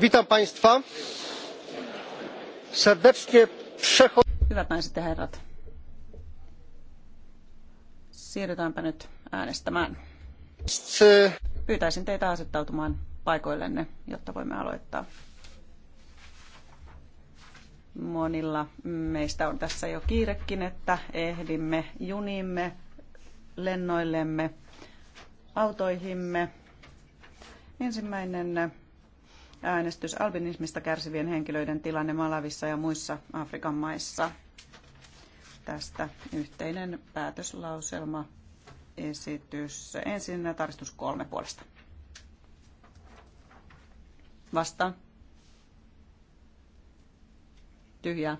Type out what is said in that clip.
witam państwa serdecznie Hyvät äänestämään. Pyytäisin teitä asettautumaan jotta voimme aloittaa. Monilla meistä on tässä jo ehdimme junimme, autoihimme. Ensimmäinen äänestys albinismista kärsivien henkilöiden tilanne Malavissa ja muissa Afrikan maissa. Tästä yhteinen päätöslauselma esitys. Ensin tarkistus kolme puolesta. Vastaan. Tyhjää.